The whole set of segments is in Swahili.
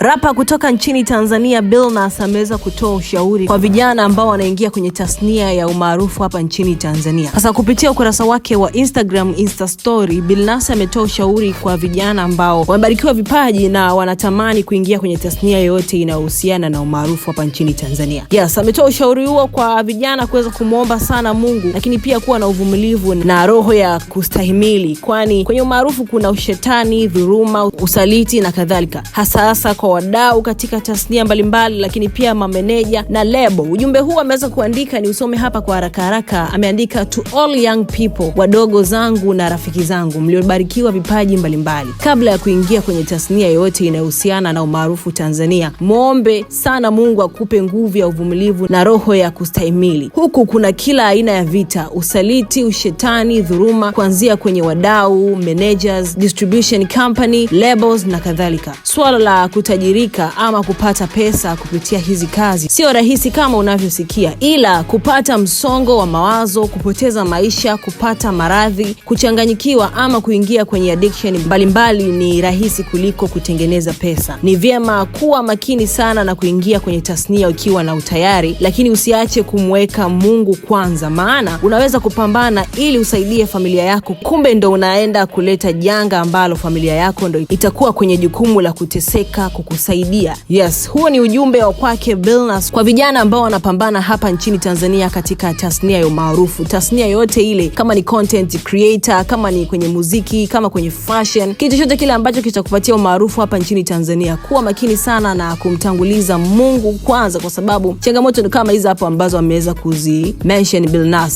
Rapa kutoka nchini Tanzania Billnass ameweza kutoa ushauri kwa vijana ambao wanaingia kwenye tasnia ya umaarufu hapa nchini Tanzania. Sasa kupitia ukurasa wake wa Instagram Insta Story, Billnass ametoa ushauri kwa vijana ambao wamebarikiwa vipaji na wanatamani kuingia kwenye tasnia yoyote inayohusiana na umaarufu hapa nchini Tanzania. Yes, ametoa ushauri huo kwa vijana kuweza kumwomba sana Mungu, lakini pia kuwa na uvumilivu na roho ya kustahimili, kwani kwenye umaarufu kuna ushetani, dhuruma usaliti na kadhalika, hasa hasa kwa kwa wadau katika tasnia mbalimbali, lakini pia mameneja na lebo. Ujumbe huu ameweza kuandika, ni usome hapa kwa haraka haraka. Ameandika to all young people, wadogo zangu na rafiki zangu mliobarikiwa vipaji mbalimbali, kabla ya kuingia kwenye tasnia yoyote inayohusiana na umaarufu Tanzania, mwombe sana Mungu akupe nguvu ya uvumilivu na roho ya kustahimili. Huku kuna kila aina ya vita, usaliti, ushetani, dhuruma, kuanzia kwenye wadau, managers, distribution company, labels na kadhalika. Swala la kuta kutajirika ama kupata pesa kupitia hizi kazi sio rahisi kama unavyosikia, ila kupata msongo wa mawazo, kupoteza maisha, kupata maradhi, kuchanganyikiwa ama kuingia kwenye addiction mbalimbali ni rahisi kuliko kutengeneza pesa. Ni vyema kuwa makini sana na kuingia kwenye tasnia ukiwa na utayari, lakini usiache kumweka Mungu kwanza, maana unaweza kupambana ili usaidie familia yako, kumbe ndo unaenda kuleta janga ambalo familia yako ndo itakuwa kwenye jukumu la kuteseka kuku kukusaidia Yes, huo ni ujumbe wa kwake bilnas kwa vijana ambao wanapambana hapa nchini Tanzania katika tasnia ya umaarufu, tasnia yoyote ile, kama ni content creator, kama ni kwenye muziki, kama kwenye fashion, kitu chochote kile ambacho kitakupatia umaarufu hapa nchini Tanzania, kuwa makini sana na kumtanguliza Mungu kwanza, kwa sababu changamoto ni kama hizi hapo ambazo ameweza kuzi mention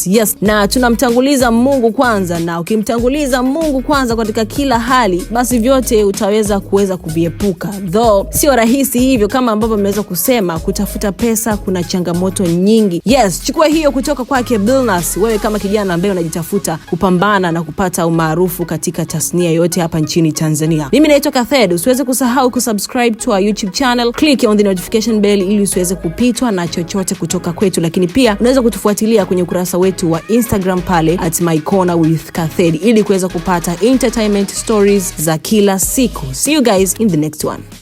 Yes, na tunamtanguliza Mungu kwanza, na ukimtanguliza Mungu kwanza katika kila hali, basi vyote utaweza kuweza kuviepuka though sio rahisi hivyo kama ambavyo ameweza kusema, kutafuta pesa kuna changamoto nyingi. Yes, chukua hiyo kutoka kwake Billnass, wewe kama kijana ambaye unajitafuta kupambana na kupata umaarufu katika tasnia yote hapa nchini Tanzania. Mimi naitwa Kathed, usiweze kusahau kusubscribe to our YouTube channel, click on the notification bell ili usiweze kupitwa na chochote kutoka kwetu, lakini pia unaweza kutufuatilia kwenye ukurasa wetu wa Instagram pale at my corner with Kathed ili kuweza kupata entertainment stories za kila siku. See you guys in the next one.